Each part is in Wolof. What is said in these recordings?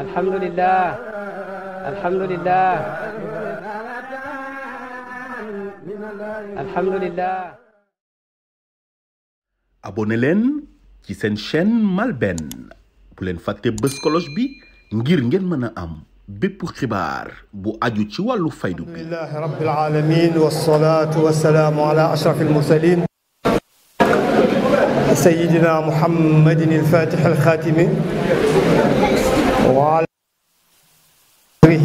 alhamdulillah alhamdulillah alhamdulillah abonné leen ci seen chaîne MALBN bu leen fàtte bës cloche bi ngir ngeen mën a am bépp xibaar bu aju ci wàllu faydu bi alhamdulillahi rabbil alamin wassalatu wassalamu ala ashrafil mursalin سيدنا محمد الفاتح الخاتم وعلى آله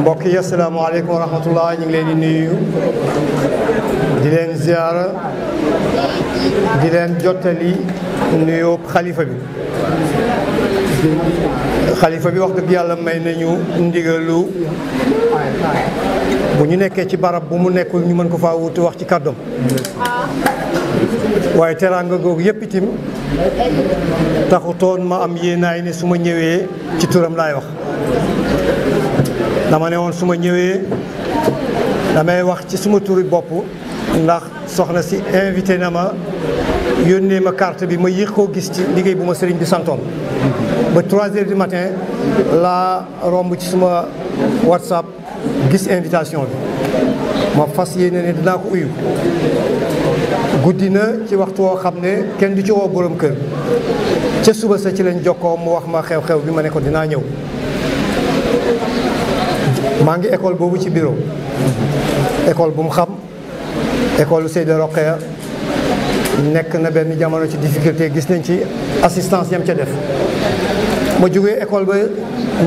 mbokk yi asalaamaaleykum wa rahmatullah ñu ngi leen di nuyu di leen ziara di leen jottali nuyu xalifa bi xalifa bi wax dëgg yàlla may nañu ndigalu bu ñu nekkee ci barab bu mu nekkul ñu mën ko faa wuutu wax ci kàddoom waaye teraanga googu yëpp itim taxutoon ma am yéenaay ne su ma ñëwee ci turam laay wax dama ne woon su ma ñëwee damay wax ci suma turi bopp ndax soxna si invité na ma yónnee ma carte bi ma yéex koo gis ci liggéey bu ma sëriñ bi santoon ba 3 heures du matin laa romb ci suma whatsapp gis invitation bi ma fas yéene ne dinaa ko uyu guddi na ci waxtu woo xam ne kenn du ci woo borom kër ca suba sa ci lañ koo mu wax ma xew-xew bi ma ne dinaa ñëw maa ngi école boobu ci bureau école bu mu xam école Seyda Roqeya nekk na benn jamono ci difficulté gis nañ ci assistance yam ca def ma jógee école ba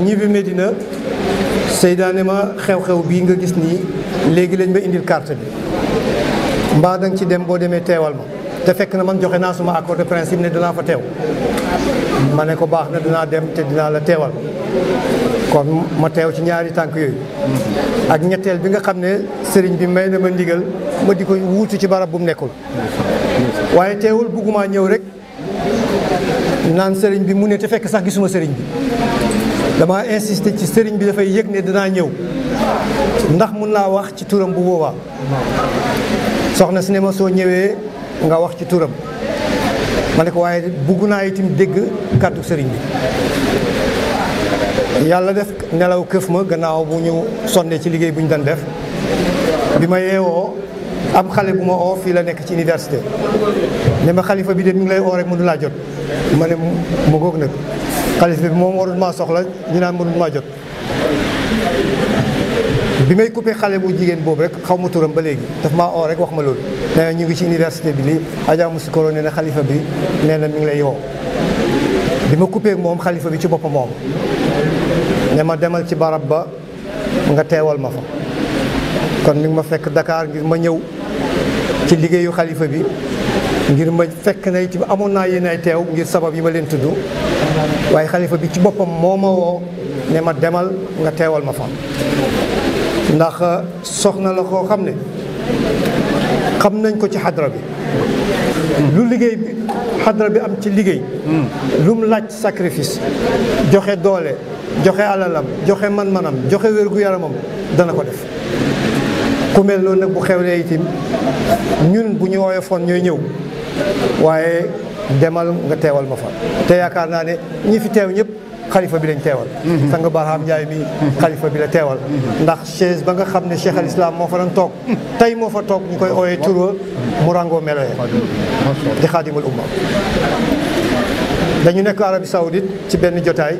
ñibbi Medina tey daane ma xew-xew bii nga gis nii léegi lañ ma indil carte bi mbaa danga ci dem boo demee teewal ma te fekk na man joxe naa suma accord de principe ne danaa fa teew ma ne ko baax na dinaa dem te dinaa la teewal kon ma teew ci ñaari tànk yooyu ak ñetteel bi nga xam ne sëriñ bi may na ndigal ma di ko wuutu ci barab bu mu nekkul waaye teewul buggumaa ñëw rek naan sëriñ bi mu ne te fekk sax gisuma sëriñ bi dama insisté ci sëriñ bi dafay yëg ne dinaa ñëw ndax mun naa wax ci turam bu boobaa soxna si ne ma soo ñëwee nga wax ci turam ma ne ko waaye bugg naa itim dégg kàddu sëriñ bi yàlla def nelaw këf ma gannaaw bu ñu sonnee ci liggéey bu ñu daan def bi ma yeewoo am xale bu ma oo fii la nekk ci université ne ma xalifa bi de mu ngi lay oo rek mënu laa jot ma ne mu góog nag xalifa maa soxla ñu naan mënul maa jot bi may coupé xale bu jigéen boobu rek xaw ma turam ba léegi daf maa oo rek wax ma loolu nee na ñu ngi ci université bi lii Adja Moussokoro nee na xalifa bi nee na mu ngi lay woo bi ma coupé moom xalifa bi ci boppam moom ne ma demal ci barab ba nga teewal ma fa kon mi ngi ma fekk Dakar ngir ma ñëw ci liggéeyu xalifa bi ngir ma fekk na itam amoon naa yéen ay teew ngir sabab yi ma leen tudd waaye xalifa bi ci boppam moo ma woo ne ma demal nga teewal ma fa ndax euh, soxna la koo xam ne xam nañ ko ci xadra bi lu liggéey bi xadra bi am ci liggéey hmm. lu mu laaj sacrifice joxe doole joxe alalam joxe man-manam joxe wér-gu-yaramam dana ko def ku mel noonu nag bu xewlee itam ñun bu ñu woyofoon ñooy ñëw waaye demal nga teewal ma fa te yaakaar naa ne ñi fi teew ñëpp xalifa bi lañ teewal mhm. sang Barham Njaay mi mhm. xalifa bi la teewal mhm. ndax chaise ba nga xam ne Cheikh al Islam moo fa doon toog tey moo fa toog ñu koy ooyee turwa mu rangoo meloye di xaadimul umma dañu nekk Arabie Saoudite ci benn jotaay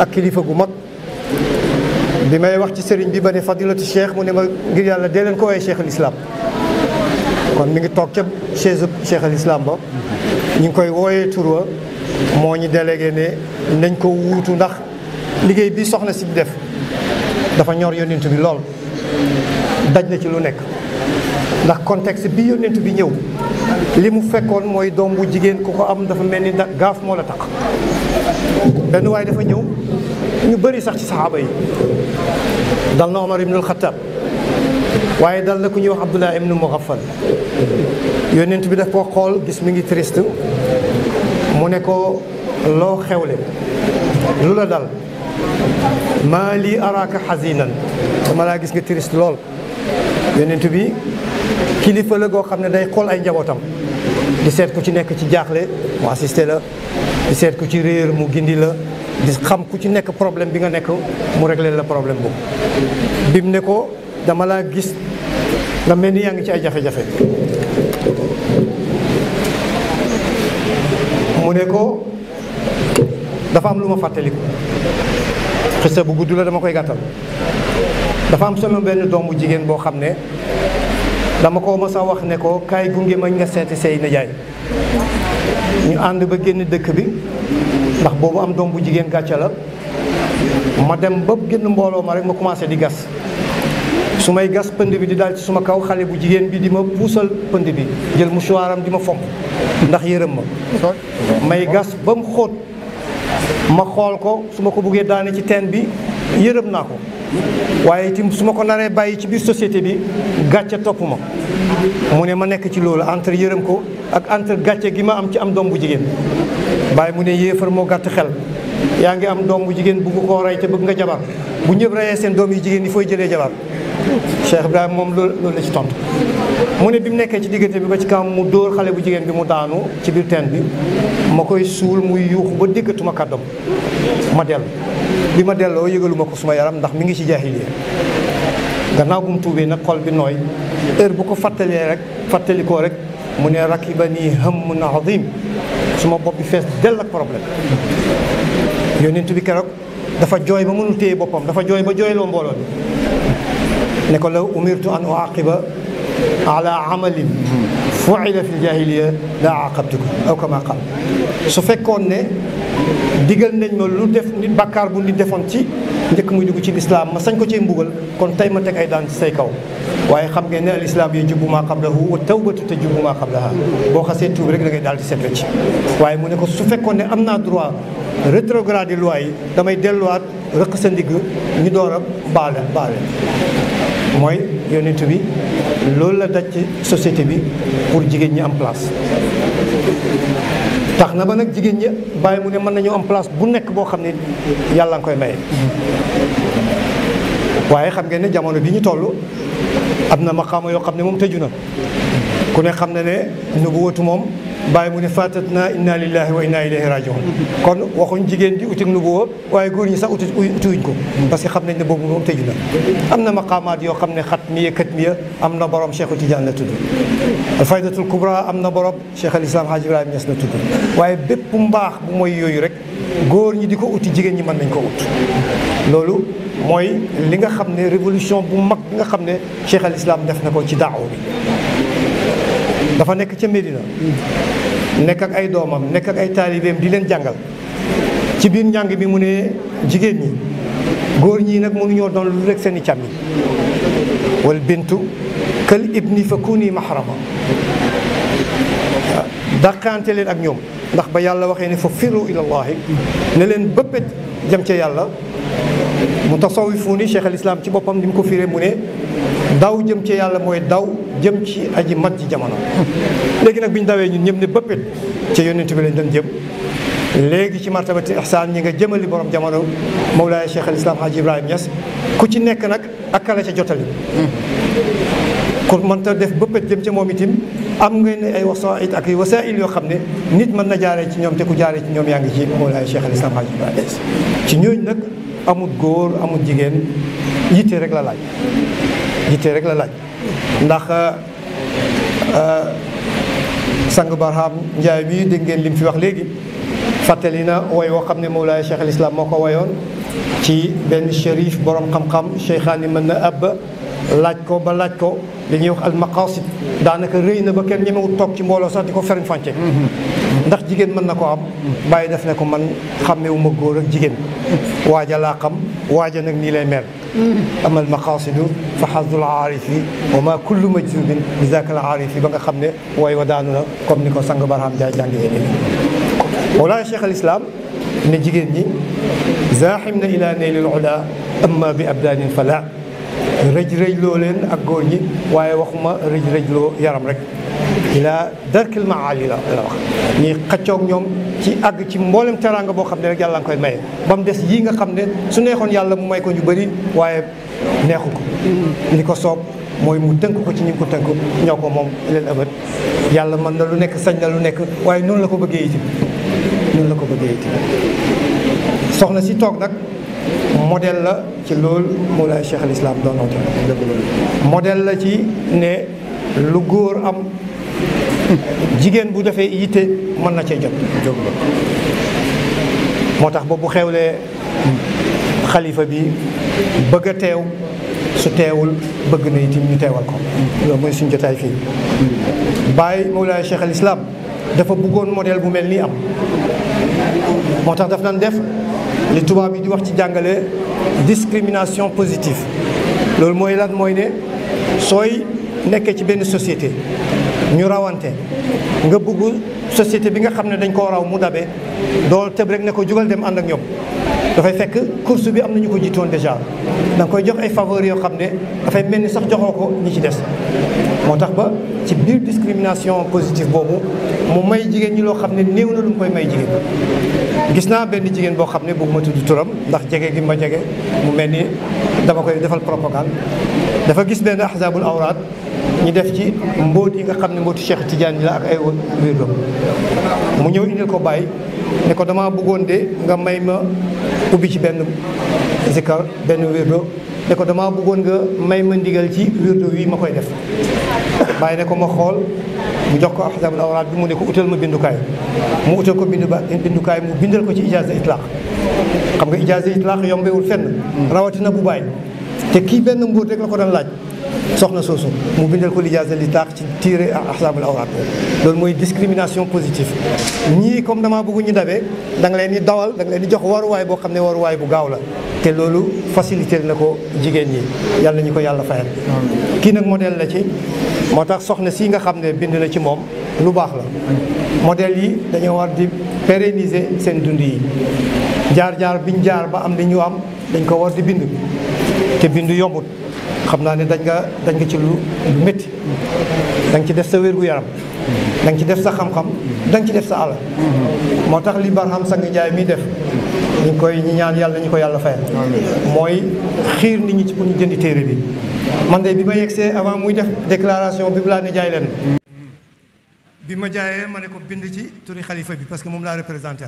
ak kilifa gu mag bi may wax ci sëriñ bi ba ne fadilatu cheikh mu ne ma ngir yàlla dee leen ko waaye cheikh al islam kon mu ngi toog ca chaise cheikh al islam ba ñu ngi koy wooyee wa moo ñu délégué ne nañ ko wuutu ndax liggéey bi soxna si def dafa ñor yonent bi lool daj na ci lu nekk ndax contexte bi yonent bi ñëw li mu fekkoon mooy doom bu jigéen ku ko am dafa mel ni gaaf moo la takk benn waaye dafa ñëw ñu bari sax ci saxaaba yi dal na Omar ibnul Xattaab waaye dal na ku ñuy wax Abdullah ibnu Mughaffal yonent bi daf ko xool gis mi ngi triste mu ne ko loo xewle lu la dal maa lii araaka xazinan dama laa gis nga triste lool yonent bi kilifa la goo xam ne day xool ay njabootam di seet ku ci nekk ci jaaxle mu assisté la di seet ku ci réer mu gindi la di xam ku ci nekk problème bi nga nekk mu réglé la problème boobu bi mu ne ko dama laa gis nga mel ni yaa ngi ci ay jafe-jafe mu ne ko dafa am lu ma fàttaliku xista bu gudd la dama koy gàttal dafa am sama benn doomu jigéen boo xam ne dama ko ma a wax ne ko kaay gunge mañ nga seeti say nijaay ñu ànd ba génn dëkk bi ndax boobu am doom bu jigéen gàcce la ma dem ba génn mbooloo ma rek ma commencé di gas su may gas pënd bi di daal ci suma kaw xale bu jigéen bi di ma puusal pënd bi jël mouchoir am di ma fomp ndax yërëm ma may gas ba mu xóot ma xool ko su ma ko buggee daane ci teen bi yërëm naa ko waaye itam su ma ko naree bàyyi ci biir société bi gàcce topp ma mu ne ma nekk ci loolu entre yërëm ko ak entre gàcce gi ma am ci am doom bu jigéen bàyyi mu ne yéefar moo gàtt xel yaa ngi am doom bu jigéen bëgg koo rey te bëgg nga jabar bu ñëpp reyee seen doom yi jigéen yi fooy jëlee jabar Cheikh Ibrahima moom loolu loolu la ci tontu mu ne bi mu nekkee ci diggante bi ba ci kanam mu dóor xale bu jigéen bi mu daanu ci biir teen bi ma koy suul muy yuuxu ba déggatuma kàddoom ma bi ma delloo yëgaluma ko suma yaram ndax mu ngi ci jaahiliya gannaaw bu mu tuubee nag xol bi nooy heure bu ko fàttalee rek fàttalikoo rek mu ne rakiba nii hammun azim suma bopp bi fees dell ak problème yonent bi keroog dafa jooy ba mënul téye boppam dafa jooy ba jooyloo mbooloo bi ne ko law umirtu an uaqiba ala amalin fuila fi ljahiliya la aqabtukum aw kama qaal su fekkoon ne digal nañ ma lu def nit bàkkaar bu nit defoon ci njëkk muy dugg ci lislaam ma sañ ko cee mbugal kon tey ma teg ay daan say kaw waaye xam ngeen ne al islam yee jubbu maa qablahu wa tawbatu te jubbu maa xam qablaha boo xasee tuub rek da ngay daal di set wecc waaye mu ne ko su fekkoon ne am naa droit rétrograde loi yi damay delluwaat rëq sa ndigg ñu door a baale baale mooy yonent bi loolu la daj ci société bi pour jigéen ñi am place tax na ba nag jigéen ñi bàyyi mu ne mën nañu am place bu nekk boo xam ne yàlla nga koy maye. waaye xam ngeen ne jamono bi ñu toll am na ma maqaama yoo xam ne moom tëju na ku ne xam na ne nubuwatu moom. baay mu ne fatat na inna lillahi wa inna ilayhi rajiun kon waxuñ jigéen di utik nu boobu waaye góor ñi sax uti utiwuñ ko parce que xam nañ ne boobu moom tëju na am na maqaamaat yoo xam ne xat miya kët miya am na borom Cheikh Tidiane la tudd alfaydatul kubra am na borom Cheikh al Islam Haaj Ibrahima Ñas la tudd waaye bépp mbaax bu mooy yooyu rek góor ñi di ko uti jigéen ñi man nañ ko ut loolu mooy li nga xam ne révolution bu mag bi nga xam ne Cheikh al Islam def na ko ci daaw dafa nekk ca Médina nekk ak ay doomam nekk ak ay taalibeem di leen jàngal ci biir njàng bi mu ne jigéen ñi góor ñi nag mënuñoo doon lu rek seen i càmmi wal bintu kal ibni fa kuni mahrama dàqante leen ak ñoom ndax ba yàlla waxee ne fa firu ilallahi ne leen bëppét jëm ca yàlla mu tasawifu ni cheikh al islam ci boppam ni mu ko firee mu ne daw jëm ca yàlla mooy daw jëm ci aji mat ji jamono léegi nag bi ñu dawee ñun ñëm ne bëppit ci yonent bi lañ doon jëm léegi ci martabati ihsaan ñi nga jëmali borom jamono Mawlaay Cheikh al Islam Haji Ibrahima Niass ku ci nekk nag ak kala ca jotali ku mënta def bëppët jëm ca moom itim am nga ngeen ay wax wasaait ak ay wasail yoo xam ne nit mën na jaare ci ñoom te ku jaaree ci ñoom yaa ngi ci Mawlaay Cheikh al Islam Haji Ibrahima ci ñooñu nag amul góor amul jigéen yitte rek la laaj yitte rek la laaj ndax euh, euh, sang barham njaay bii dégg ngeen mu fi wax léegi fàttali na woy woo xam ne Mawlaay laay al Islam moo ko woyoon ci benn shérif borom xam-xam cheikhaani mën na abba laaj ko ba laaj ko li ñuy wax al maqasid daanaka rëy na ba kenn ñemewut toog ci mbooloo sax di ko feriñ fànce ndax jigéen mën na ko am bàyyi def ne ko man xàmmewuma góor ak jigéen waaja laa xam waaja nag nii lay mel amal maqaasidu fa xasdul aarifi wa ma kullu majzubin bi zaakal aarifi ba nga xam ne wooy wa daanu na comme ni ko sang Barham Jaay jàngee ni walaay cheikh al islam ne jigéen ñi zaaxim na ila naylil ula amma bi abdaanin fala rëj rëj loo leen ak góor ñi waaye waxuma rëj rëj loo yaram rek ila darkil maali la la wax ñuy xaccoog ñoom ci àgg ci mboolem teraanga boo xam ne rek yàlla nga koy maye ba mu des yii nga xam ne su neexoon yàlla mu may ko ñu bari waaye neexu ko ni mm-hmm. ko soob mooy mu tënk ko ci ñu ko tënk ñoo ko moom leen abad yàlla mën na lu nekk sañ na lu nekk waaye noonu la ko bëggee itam noonu la ko bëggee itam soxna si toog nag model la ci lool moo Cheikh al Islam doon oote modèle la ci ne lu góor am jigéen bu defee yitte mën na cee jot moo tax boobu xewlee xalifa bi bëgg a teew su teewul bëgg na itam ñu teewal ko loolu mooy suñu jotaay fii Baye Mawlaay Cheikh al Islam dafa buggoon modèle bu mel nii am moo tax daf nan def li tubaab yi di wax ci jàngale discrimination positive loolu mooy lan mooy ne sooy nekkee ci benn societé ñu rawante nga bëgg société bi nga xam ne dañ koo raw mu dabe doo tëb rek ne ko jugal dem ànd ak ñoom dafay fekk course bi am na ñu ko jiitoon déjà da koy jox ay faveur yoo xam ne dafay mel ni sax joxoo ko ñi ci des moo tax ba ci biir discrimination positive boobu mu may jigéen ñi loo xam ne néew na lu mu koy may jigéen gis naa benn jigéen boo xam ne bëgg ma tudd turam ndax jege gi ma jege mu mel ni dama koy defal propagande dafa gis benn ahzabul ñu def ci mbóot yi nga xam ne mbóotu Cheikh Tidiane yi la ak ay wirdo mu ñëw indil ko bàyyi ne ko dama bëggoon de nga may ma ubbi ci benn zikar benn wirdo ne ko dama bëggoon nga may ma ndigal ci wirdo wi ma koy def bàyyi ne ko ma xool mu jox ko ahzabul awraat bi mu ne ko utal ma bindukaay mu utal ko bindu bindukaay mu bindal ko ci ijaaza itlaq xam nga ijaaza itlaq yombewul fenn rawatina bu bàyyi te kii benn mbóot rek la ko doon laaj soxna soosu mu bindal ko lijaasa li taax ci tiire ahsaabul awraat loolu mooy discrimination positive ñii comme damaa bëgg ñu dabee da leen di dawal danga leen di jox waruwaay boo xam ne waruwaay bu gaaw la te loolu facilité na ko jigéen ñi yàlla ñu ko yàlla fayal kii nag modèle la ci moo tax soxna si nga xam ne bind na ci moom lu baax la modèle yi dañoo war di pérenniser seen dund yi jaar-jaar biñ jaar ba am li ñu am dañ ko war di bind te bind yombut xam naa ne dañ nga dañ nga ci lu lu métti da ci def sa wér-gu-yaram da ci def sa xam-xam da ci def sa àll moo tax li Barham Sang jaay mi def ñu koy ñi ñaan yàlla ñu ko yàlla fayal mooy xiir ni ñu ci pour ñu jëndi téere bi man de bi ma yegsee avant muy def déclaration bi laa ne jaay leen bi ma jaayee ma ne ko bind ci turi xalifa bi parce que moom laa représenté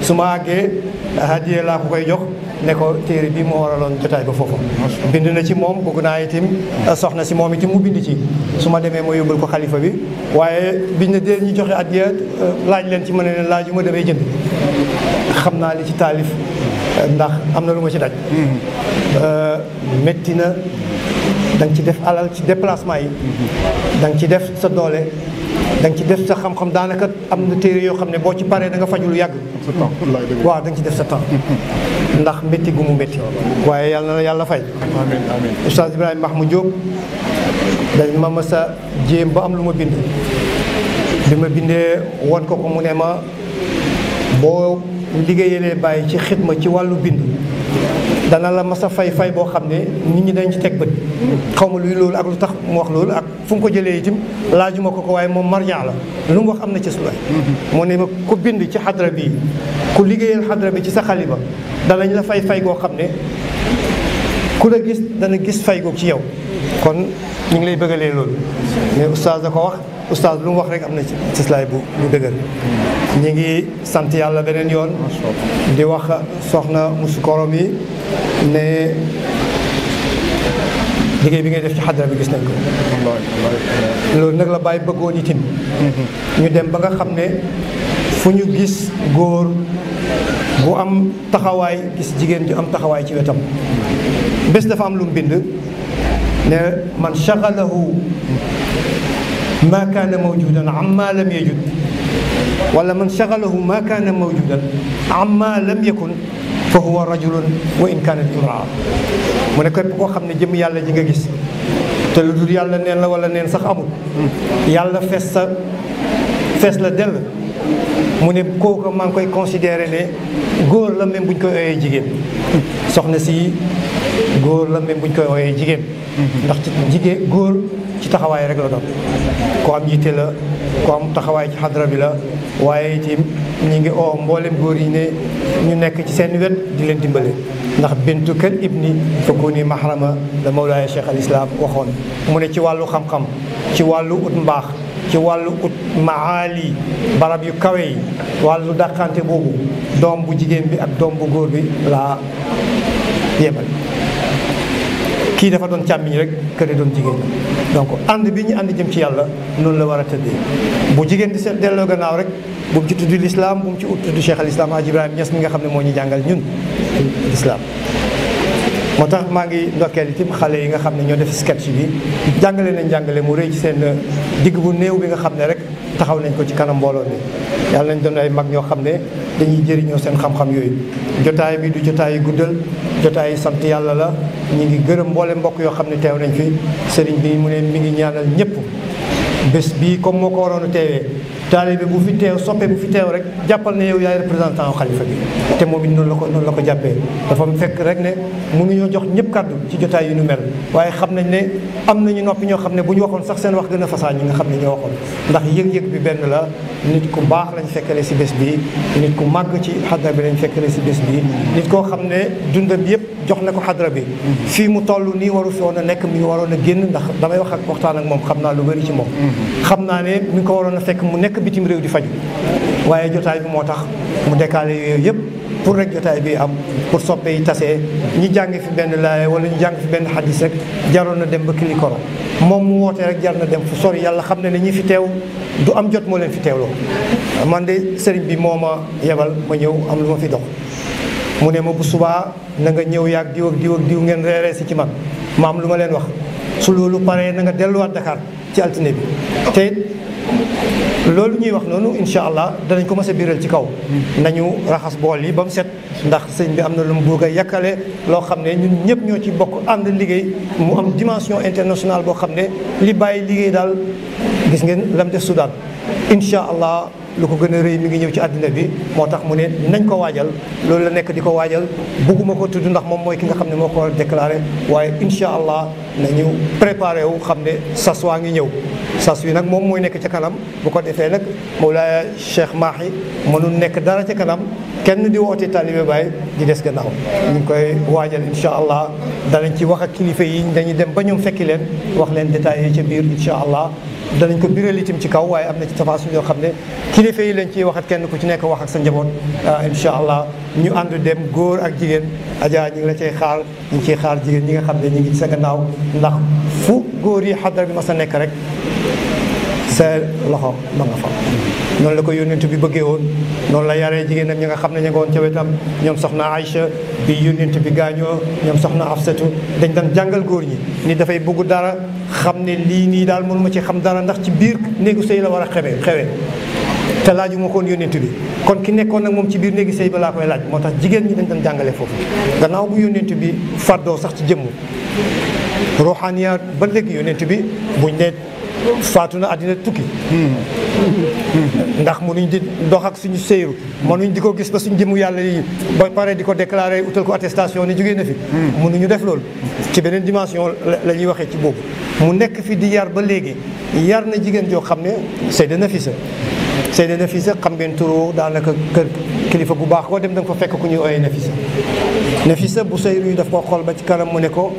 su ma àggee hadiya laa ko koy jox ne téere bi moo waraloon jotaay ba foofu bind na ci moom bëgg naa itam mm. soxna si moom itam mu bind ci su ma demee moo yóbbul ko xalifa bi waaye biñ ne dee ñu joxe hadiya euh, laaj leen ci ma ne leen laaju ma damay jënd xam naa li ci taalif ndax am na lu ma ci daj métti mm-hmm. euh, na danga nga ci def alal ci déplacement yi mm-hmm. da nga ci def sa doole danga nga ci def sa xam-xam daanaka am na téere yoo xam ne boo ci paree da nga faju yàgg. waaw da nga ci def sa temps. ndax métti gu mu métti. waaye yàlla na yàlla fay. amiin amiin Oustaz Ibrahima Mahmoud Diop dañ ma mës jéem ba am lu ma bind. bi ma bindee wan ko ko mu ne ma boo liggéeyalee bàyyi ci xidma ci wàllu bind. dana la mas a fay fay boo xam ne nit ñi dañ ci teg bët xaw ma luy loolu ak lu tax mu wax loolu ak fu mu ko jëlee itam laajuma ko ko waaye moom marja la lu mu wax am na ci sula moo ne ma ku bind ci xadra bi ku liggéeyal xadra bi ci sa xaliba danañ la fay fay goo xam ne ku la gis dana gis fay goo ci yow kon ñu ngi lay bëggalee loolu mais oustaz da ko wax oustaz lu mu wax rek am na ci cëslaay bu bu dëgër ngi sant yàlla beneen yoon di wax soxna musu yi ne liggéey bi ngay def ci xadra bi gis nañ loolu nag la bàyyi bëggoon itim ñu dem ba nga xam ne fu ñu gis góor bu am taxawaay gis jigéen ju am taxawaay ci wetam bés dafa am lu mu bind ne man shagalahu ما كان موجودا عما لم يجد ولا من شغله ما كان موجودا عما لم يكن فهو رجل وإن كانت امرأة mu ne képp koo xam ne jëm yàlla ji nga gis te lu yàlla neen la wala neen sax amul yàlla fees sa fees la dell mu ne kooku maa ngi koy considéré ne góor la même bu ñu koy ooyee jigéen soxna si góor la même bu koy ooyee jigéen ndax ci jigéen góor ci taxawaay rek la doon ku am yitte la ku am taxawaay ci xadra bi la waaye itam ñu ngi oo mboolem góor yi ne ñu nekk ci seen wet di leen dimbale ndax bintu kër ibni fakuni mahrama la mawlaaya cheikh al islam waxoon mu ne ci wàllu xam-xam ci wàllu ut mbaax ci wàllu ut maali barab yu kawe yi wàllu dàqante boobu doom bu jigéen bi ak doom bu góor bi laa yebal kii dafa doon càmmiñ rek kële doon jigéen donc ànd bi ñu ànd jëm ci yàlla noonu la war a tëddee bu jigéen di seet delloo gannaaw rek bu mu ci tudd lislaam bu mu ci ut tudd cheikh al islam Haji Ibrahima Niass mi nga xam ne moo ñu jàngal ñun lislaam moo tax maa ngi ndokkeel itam xale yi nga xam ne ñoo def sketch bi jàngale nañ jàngale mu rëy ci seen digg bu néew bi nga xam ne rek taxaw nañ ko ci kanam mbooloo bi yàlla nañ doon ay mag ñoo xam ne dañuy jëriñoo seen xam yooyu jotaay bi du sant yàlla la ñi ngi gërëm mboole mbokk yoo xam ne teew nañ fi sëriñ bi mu ne mi ngi ñaanal ñëpp bés bii comme moo ko waroon a teewee taalibe bu fi teew soppe bu fi teew rek jàppal ne yow yaay représentant xalifa bi te moom it noonu la ko noonu la ko jàppee dafa jox ñëpp kàddu ci jotaay yu nu mel xam nañ ne am nañu noppi ñoo xam ne bu ñu waxoon sax seen wax gën a ñi nga xam ne ñoo waxoon ndax yëg-yëg bi benn la nit ku baax lañ fekkale si bés bi nit ku màgg ci xadra bi lañ fekkale si bés bi nit koo xam ne dundam yëpp jox na ko xadra bi fii mu toll nii waru fi woon a nekk mi ngi waroon a génn ndax damay wax ak waxtaan ak moom xam naa lu bëri ci moom mm-hmm. xam naa ne mi ngi ko waroon a fekk mu nekk nekk bitim réew di faju waaye jotaay bi moo tax mu dekkaale yooyu yëpp pour rek jotaay bi am pour soppe yi tasee ñi jàng fi benn laay wala ñu jàng fi benn xadis rek jaroon na dem ba Kilikoro moom mu woote rek jar na dem fu sori yàlla xam ne ne ñi fi teew du am jot moo leen fi teewloo man de sëriñ bi moo ma yebal ma ñëw am lu ma fi dox mu ne ma bu subaa na nga ñëw yaag diw ak diw ngeen reeree si ci man ma am lu ma leen wax su loolu paree na nga delluwaat Dakar ci altine bi te loolu ñuy wax noonu incha allah danañ ko mës a ci kaw nañu raxas bool yi ba mu set ndax sëñ bi am na lu mu bëgg a yàkkale loo xam ne ñun ñëpp ñoo ci bokk ànd liggéey mu am dimension internationale boo xam ne li bàyyi liggéey daal gis ngeen lam def Soudan incha allah lu ko gën a rëy mi ngi ñëw ci àddina bi moo tax mu ne nañ ko waajal loolu la nekk di ko waajal bugguma ko tudd ndax moom mooy ki nga xam ne moo ko war a waaye incha allah nañu préparé wu xam ne sas waa ngi ñëw sas wi nag moom mooy nekk ca kanam bu ko defee nag Mawlaaya Cheikh Mahi mënul nekk dara ca kanam kenn di woote taalibe Baay di des gannaaw ñu ngi koy waajal incha allah danañ ci wax ak kilifa yi dañuy dem ba ñoom fekki leen wax leen détails yi ca biir incha allah danañ ko biral itam ci kaw waaye am na ci tafaasul yoo xam ne kilifa yi lañ ciy waxat kenn ku ci nekk wax ak sa njaboot ah incha allah ñu ànd dem góor ak jigéen Adja ñu ngi la cay xaar ñu ngi ciy xaar jigéen ñi nga xam ne ñu ngi ci sa gannaaw ndax fu góor yi xadara bi ma sa nekk rek sa loxo ma nga fa noonu la ko yónnent bi bëggee woon noonu la yaree jigéenam ñi nga xam ne ña nga woon ca wetam ñoom soxna Aïcha bi yónnent bi gaañoo ñoom soxna Afsatu dañ daan jàngal góor ñi ni dafay bëgg dara xam ne lii nii daal mënu ma ci xam dara ndax ci biir néegu sëy la war a xewee xewee te laaju ma koon yónnent bi kon ki nekkoon nag moom ci biir néegi sëy balaa laa koy laaj moo tax jigéen ñi dañ daan jàngale foofu gannaaw bu yónnent bi fàddoo sax ci jëmm ruuxaaniyaat ba léegi bi buñ ne faatu na àddina tukki ndax mënuñ di dox ak suñu séeru mënuñ di ko gis ba suñu jëmu yàlla yi ba pare di ko déclaré utal ko attestation ni jógee na fi mënuñu def loolu ci beneen dimension la ñuy waxee ci boobu mu nekk fi di yar ba léegi yar na jigéen joo xam ne Seyda Nafisa Seyda Nafisa xam ngeen turoo daanaka kër kilifa gu baax koo dem da ko fa fekk ku ñuy ooyee Nafisa Nafisa bu séeru yi daf ko xool ba ci kanam mu ne ko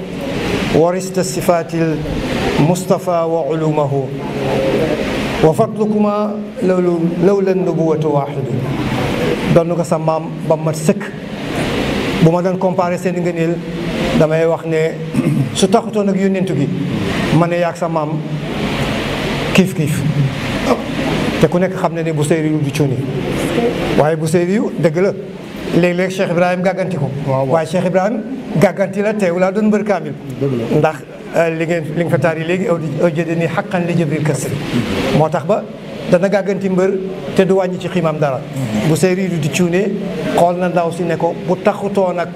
warista مصطفى وعلومه وفضلكما لولا النبوة واحد doon ko sa maam ba mat sëkk bu ma doon comparé seen ngëneel damay wax ne su taxutoon ak yónnentu gi ma ne yaag sa maam kiif kiif te ku nekk xam ne ne bu seyri yu du cuni waaye bu seyri yu dëgg la léeg-léeg Cheikh Ibrahim gàgganti ko waaye Cheikh Ibrahim gàgganti la teew laa doon mbër kaamil ndax Euh, li ngeen li nga fa taar yi léegi aw jëde nii xaqan li jëbril kasri moo tax ba dana gàgganti mbër te du wàññi ci xiimam dara bu séeréer di cuune xool na ndaw si ne ko bu taxutoo nag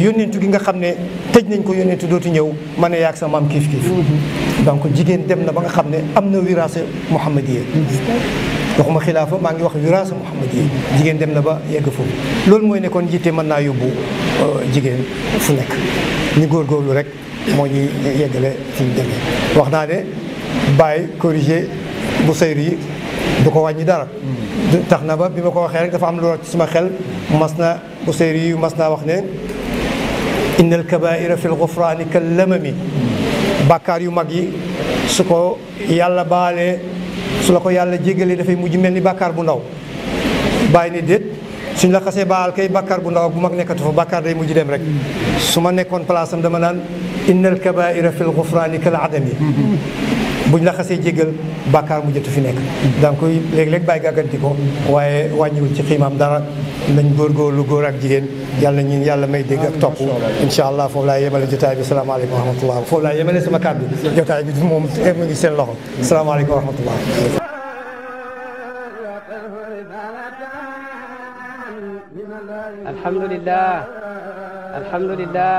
yónnentu gi nga xam ne tëj nañ ko yónnentu dootu ñëw man ne yaag sa maam kiif kiif donc jigéen dem na ba nga xam ne am na wiraasa muhammadiya waxuma xilaafa maa ngi wax wiraasa muhammadiya jigéen dem na ba yegg foofu loolu mooy nekkoon jiitee jiite mën naa yóbbu euh, jigéen fu nekk ñu góorgóorlu rek moo ñuy yeggale fi ñu déggee wax naa ne bàyyi corriger bu sayru yi du ko wàññi dara tax na ba bi ma ko waxee rek dafa am lool ci suma xel mas na bu sayru yi mas naa wax ne inna al kabaira fi lgufraani kal lamami bàkkaar yu mag yi su ko yàlla baalee su la ko yàlla jégalee dafay mujj mel ni bàkkaar bu ndaw bàyyi ne déet suñ la xasee baal kay bàkkaar bu ndaw bu mag nekkatu fa bàkkaar day mujj dem rek su ma nekkoon place dama naan innal kabaira fil gufraani kal adami buñ la xasee jéggal bàkkaar bu jëtu fi nekk danga koy léeg-léeg bàyyi gàgganti ko waaye wàññiwul ci xiimaam dara nañ góorgóorlu góor ak jigéen yàlla ñun yàlla may dégg ak topp insha allah foofu laa yemale jotaay bi salaamaaleykum wa rahmatullah foofu laa yemale sama kàddu jotaay bi moom mu ngi seen loxo salaamaaleykum wa rahmatullah alhamdulillah alhamdulillah